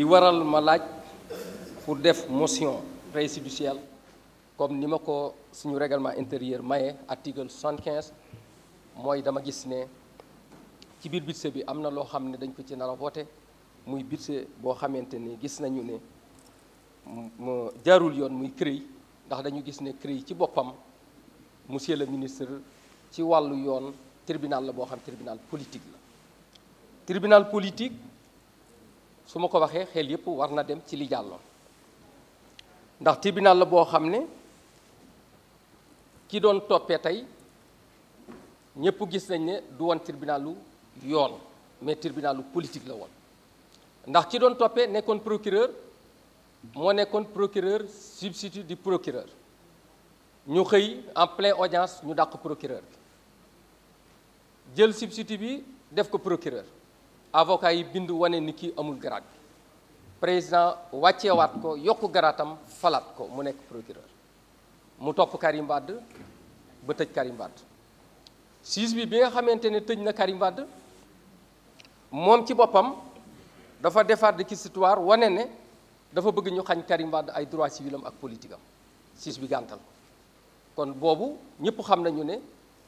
li waral ma laaj pour def motion présidentielle comme ni ma ko suñu règlement intérieur maye article 75 mooy dama gis ne ci biir budget bi am na loo xam ne dañ ko ci nar a muy budget boo xamante ni gis nañu ne mu jaarul yoon muy CREI ndax dañu gis ne CREI ci boppam monsieur le ministre ci wàll yoon tribunal la boo xam tribunal politique la su ma ko waxee xel yépp war na dem ci li jàlloon ndax tribunal la boo xam ne ki doon toppee tey ñépp gis nañ ne du woon tribunalu yoon mais tribunalu politique la woon ndax ki doon toppee nekkoon procureur moo nekkoon procureur substitut di procureur ñu xëy en pleine audience ñu dàq procureur bi jël substitut bi def ko procureur avocat yi bind wane ni kii amul grade bi président wàccewaat ko yokk garaatam falaat ko mu nekk procureur mu topp Karim Wade ba tëj Karim Wade siis bi bi nga xamante ne tëj na Karim Wade moom ci boppam dafa defaat réquisitoire wane ne dafa bëgg ñu xañ Karim Wade ay droits civils am ak politikam am siis bi gàntal ko kon boobu ñëpp xam nañu ne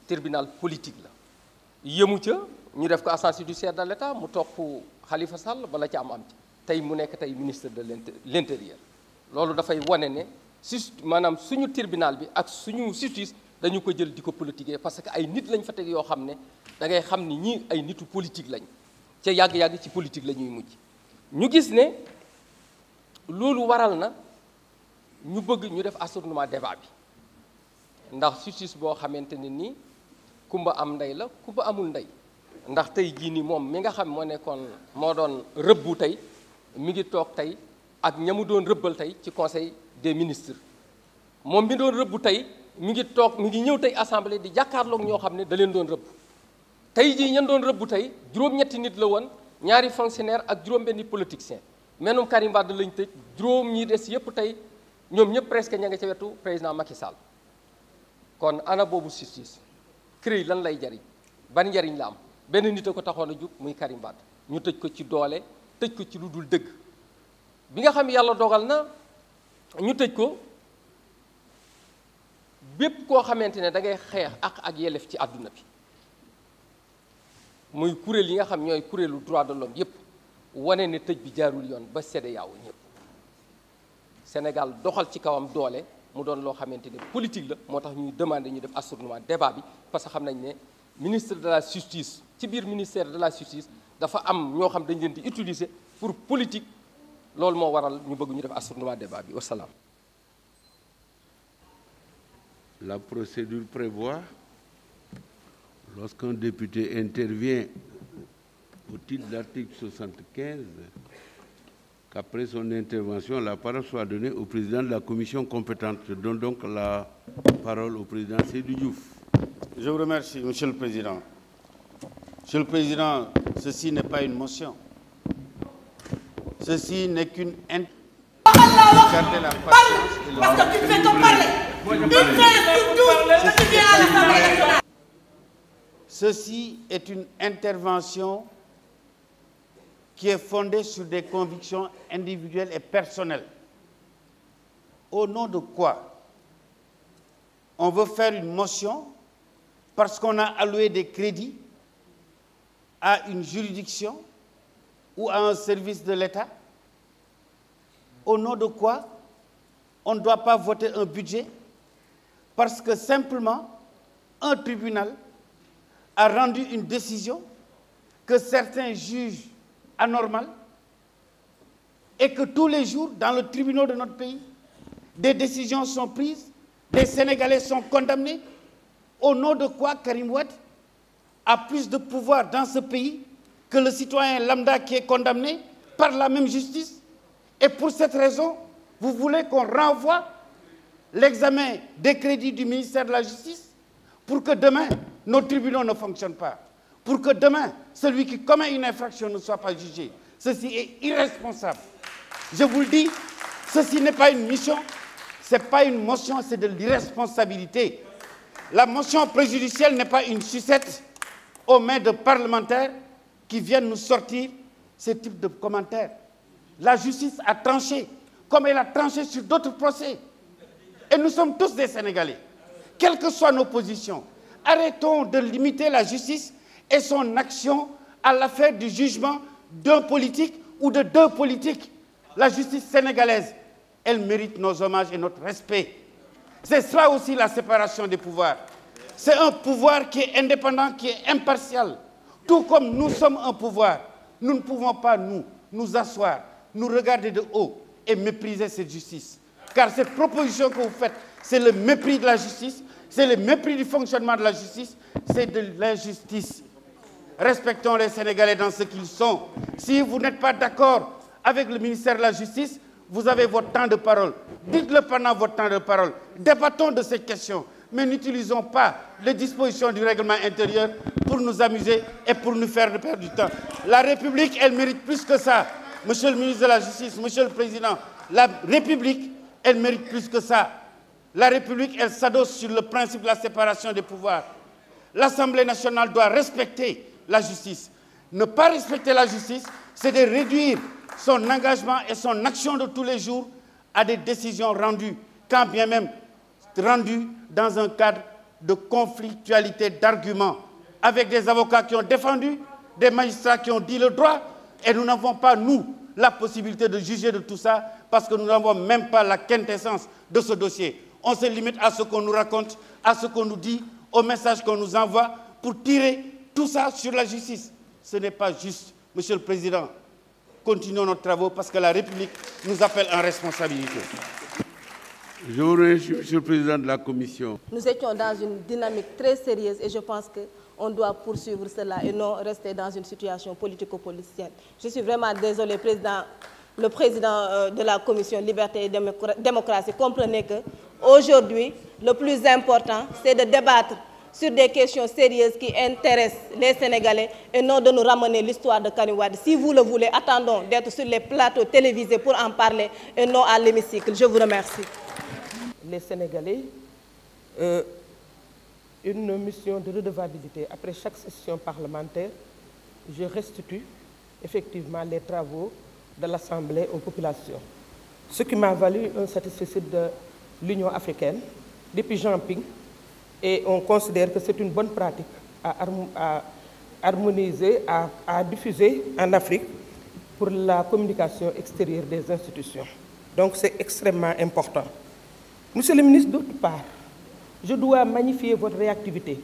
tribunal politique la yëmu ca ñu def ko à sens judiciaire de l'État mu topp Khalifa Sall bala ci am am ci tey mu nekk tey ministre de l'intérieur loolu dafay wane ne sus maanaam suñu tribunal bi ak suñu justice dañu ko jël di ko politiquer parce que ay nit lañu fa teg yoo xam ne da ngay xam ni ñii ay nitu politique lañ ca yàgg-yàgg ci politique la ñuy mujj ñu gis ne loolu waral na ñu bëgg ñu def assainissement débat bi ndax justice boo xamante ne nii kumba am ndey la kumba amul ndey ndax tey jii nii moom mi nga xam moo nekkoon moo doon rëbbu tey mi ngi toog tey ak ñamu doon rëbbal tey ci conseil des ministres moom mi doon rëbbu tey mu ngi toog mu ngi ñëw tey assemblée di jàkkaarlook ñoo xam ne da leen doon rëbb tey jii ñan doon rëbbu tey juróom-ñetti nit la woon ñaari fonctionnaire ak juróom-benni politicien menum Karim Wade lañ tëj juróom ñi des yëpp tey ñoom ñëpp presque ña nga ca wetu président Macky kon ana boobu justice CREI lan lay jariñ ban njariñ la am benn nit a ko taxoon a jug muy Karim Wade ñu tëj ko ci doole tëj ko ci lu dul dëgg bi nga xam yàlla dogal na ñu tëj ko bépp koo xamante ne da ngay xeex ak ak yelef ci àdduna bi muy kuréel yi nga xam ñooy kuréelu droit de l'homme yépp wane ne tëj bi jaarul yoon ba sedda yaawu ñëpp Sénégal doxal ci kawam doole mu doon loo xamante ne politique la moo tax ñuy demande ñu def assournement débat bi parce que xam nañ ne ministre de la justice ci biir ministère de la justice dafa am ñoo xam dañ leen di utiliser pour politique loolu moo waral ñu bëgg ñu def assournement débat bi wasalaam. La procédure prévoit lorsqu'un député intervient au titre de l'article 75 qu'après son intervention, la parole soit donnée au président de la commission compétente. Je donne donc la parole au président Seydou Je vous remercie, Monsieur le Président. Monsieur le Président, ceci n'est pas une motion. Ceci n'est qu'une... intervention qui est fondée sur des convictions individuelles et personnelles. Au nom de quoi on veut faire une motion parce qu'on a alloué des crédits à une juridiction ou à un service de l'État Au nom de quoi on ne doit pas voter un budget parce que simplement un tribunal a rendu une décision que certains jugent anormale et que tous les jours, dans le tribunal de notre pays, des décisions sont prises, des Sénégalais sont condamnés, Au nom de quoi Karim Ouad a plus de pouvoir dans ce pays que le citoyen lambda qui est condamné par la même justice Et pour cette raison, vous voulez qu'on renvoie l'examen des crédits du ministère de la Justice pour que demain, nos tribunaux ne fonctionnent pas, pour que demain, celui qui commet une infraction ne soit pas jugé. Ceci est irresponsable. Je vous le dis, ceci n'est pas une mission, ce de l'irresponsabilité. La motion préjudicielle n'est pas une sucette aux mains de parlementaires qui viennent nous sortir ce type de commentaires. La justice a tranché, comme elle a tranché sur d'autres procès. Et nous sommes tous des Sénégalais, quelles que soient nos positions. Arrêtons de limiter la justice et son action à l'affaire du jugement d'un politique ou de deux politiques. La justice sénégalaise, elle mérite nos hommages et notre respect. C'est cela aussi la séparation des pouvoirs. C'est un pouvoir qui est indépendant, qui est impartial. Tout comme nous sommes un pouvoir, nous ne pouvons pas, nous, nous asseoir, nous regarder de haut et mépriser cette justice. Car cette proposition que vous faites, c'est le mépris de la justice, c'est le mépris du fonctionnement de la justice, c'est de l'injustice. Respectons les Sénégalais dans ce qu'ils sont. Si vous n'êtes pas d'accord avec le ministère de la Justice, Vous avez votre temps de parole. Dites-le pendant votre temps de parole. Débattons de ces questions. Mais n'utilisons pas les dispositions du règlement intérieur pour nous amuser et pour nous faire perdre du temps. La République, elle mérite plus que ça. Monsieur le ministre de la Justice, Monsieur le Président, la République, elle mérite plus que ça. La République, elle s'adosse sur le principe de la séparation des pouvoirs. L'Assemblée nationale doit respecter la justice. Ne pas respecter la justice, c'est de réduire son engagement et son action de tous les jours à des décisions rendues, quand bien même rendues dans un cadre de conflictualité d'arguments, avec des avocats qui ont défendu, des magistrats qui ont dit le droit, et nous n'avons pas, nous, la possibilité de juger de tout ça, parce que nous n'avons même pas la quintessence de ce dossier. On se limite à ce qu'on nous raconte, à ce qu'on nous dit, au message qu'on nous envoie, pour tirer tout ça sur la justice. Ce n'est pas juste, Monsieur Président. continuons nos travaux parce que la République nous appelle en Monsieur le Président de la Commission. Nous étions dans une dynamique très sérieuse et je pense qu'on doit poursuivre cela et non rester dans une situation politico-policienne. Je suis vraiment désolé, Président, le Président euh, de la Commission Liberté et Démocratie. Comprenez que aujourd'hui, le plus important, c'est de débattre sur des questions sérieuses qui intéressent les Sénégalais et non de nous ramener l'histoire de Karim Wade. Si vous le voulez, attendons d'être sur les plateaux télévisés pour en parler et non à l'hémicycle. Je vous remercie. Les Sénégalais, euh, une mission de redevabilité. Après chaque session parlementaire, je restitue effectivement les travaux de l'Assemblée aux populations. Ce qui m'a valu un satisfait de l'Union africaine depuis Jean Ping, Et on considère que c'est une bonne pratique à, harmoniser, à, à diffuser en Afrique pour la communication extérieure des institutions. Donc c'est extrêmement important. Monsieur le ministre, d'autre part, je dois magnifier votre réactivité.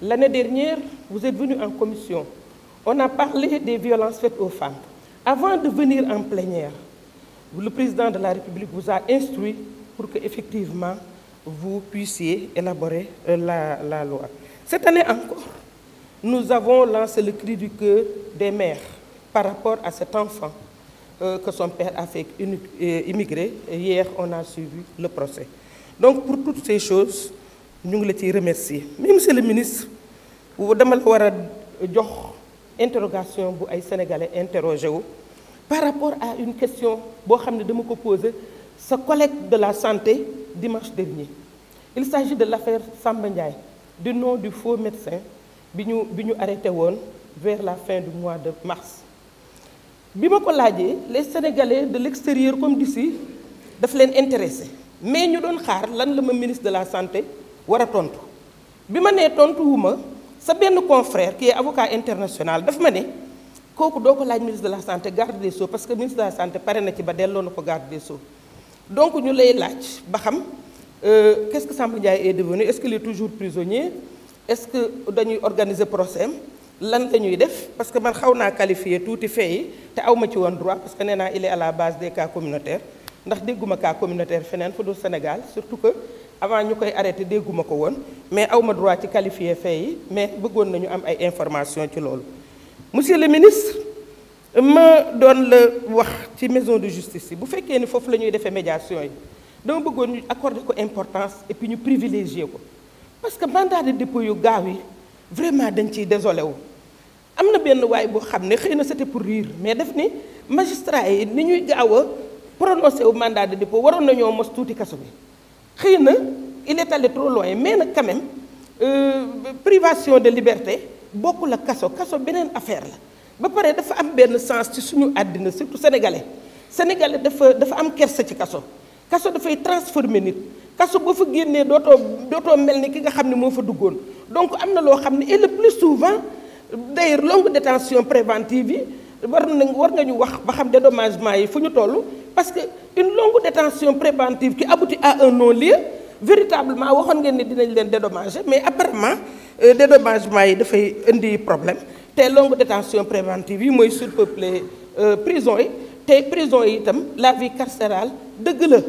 L'année dernière, vous êtes venu en commission. On a parlé des violences faites aux femmes. Avant de venir en plénière, le président de la République vous a instruit pour que, effectivement, vous puissiez élaborer euh, la, la loi. Cette année encore, nous avons lancé le cri du des mères par rapport à cet enfant euh, que son père a fait euh, immigrer. Et hier, on a suivi le procès. Donc, pour toutes ces choses, ñu ngi la ciy remercier mais monsieur le ministre dama la war a jox interrogation bu ay sénégalais interrogé wu par rapport à une question boo xam ne dama ko posé sa collègue de la santé dimanche dernier il s'agit de l'affaire Samba Ndiaye du nom du faux médecin bi ñu bi ñu arrêté woon vers la fin du mois de mars bi ma ko laajee les sénégalais de l'extérieur comme d'ici daf leen intéressé mais ñu doon xaar lan la ma ministre de la santé war a tontu bi ma nee tontu ma sa benn confrère qui est avocat international daf ma ne kooku doo ko laaj ministre de la santé garde des sceaux parce que ministre de la santé pare na ci ba delloo na ko garde des sceaux donc ñu lay laaj ba Euh, qu'est-ce que Samba Ndiaye est devenu est-ce qu'il est toujours prisonnier est-ce que dañuy organiser procès lan la ñuy def parce que man xaw naa qualifier tuuti fee te aw ma ci woon droit parce que nee naa il la base des cas communautaires ndax dégguma cas communautaire feneen fu dul Sénégal surtout que avant ñu koy arrêté dégguma ko woon mais aw ma droit ci qualifier fee mais bëggoon nañu am ay information ci loolu. monsieur le ministre ma doon la wax ci maison de justice bu fekkee ni foofu la ñuy defee médiation yi. dama bëggoon ñu accorder ko importance et puis ñu privilégier ko parce que mandat de dépôt yu gaaw yi vraiment dañ ciy désolé wu. am na benn waay boo xam ne xëy na c'était pour rire mais def ni magistrat yi ni ñuy gaaw a prononcé wu mandat de dépôt waroon nañoo mos tuuti kaso bi xëy na il est allé trop mais nag quand même euh, privation de liberté bokkul ak kaso kaso beneen affaire la ba pare dafa am benn sens ci suñu àddina surtout sénégalais sénégalais dafa dafa am kersa ci kaso. kaso dafay transformer nit kaso boo fa génnee dootoo dootoo mel ni ki nga xam ne moo fa duggoon donc am na loo xam ne et le plus souvent d'ailleurs longue détention préventive yi war na war nga ñu wax ba xam dédommagement yi fu ñu toll parce que une longue détention préventive ki aboutit à un non-lieu véritablement waxoon ngeen ni dinañ leen dédommager mais apparemment euh, dédommagement yi dafay indi problème te longue détention préventive yi mooy surpeuplé euh, prison yi te prison yi itam la vie carcérale dëgg la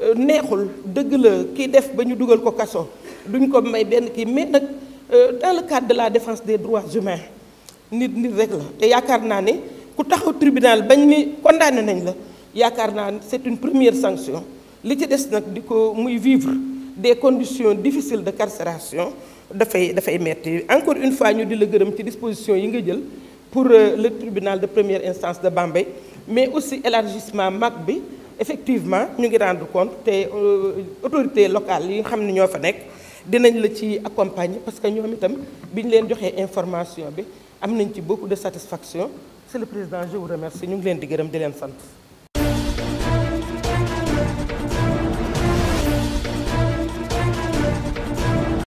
Euh, neexul dëgg la kii def ba ñu dugal ko kaso duñ ko may benn kii mais nag euh, dans le cadre de la défense des droits humains nit nit rek la te yaakaar naa ne ku taxaw tribunal bañ ni condamné nañ la yaakaar naa ne c'est une première sanction li ci des nag di ko muy vivre des conditions difficiles de carcération dafay dafay metti encore une fois ñu di la gërëm ci disposition yi nga jël pour euh, le tribunal de première instance de Bambey mais aussi élargissement mag bi effectivement ñu ngi rendre compte te euh, autorités locales yi nga xam ne ñoo fa nekk dinañ la ci accompagner parce que ñoom itam bi ñu leen joxee information bi am nañ ci beaucoup de satisfaction c'est le président je vous remercie ñu ngi leen di gërëm di leen sant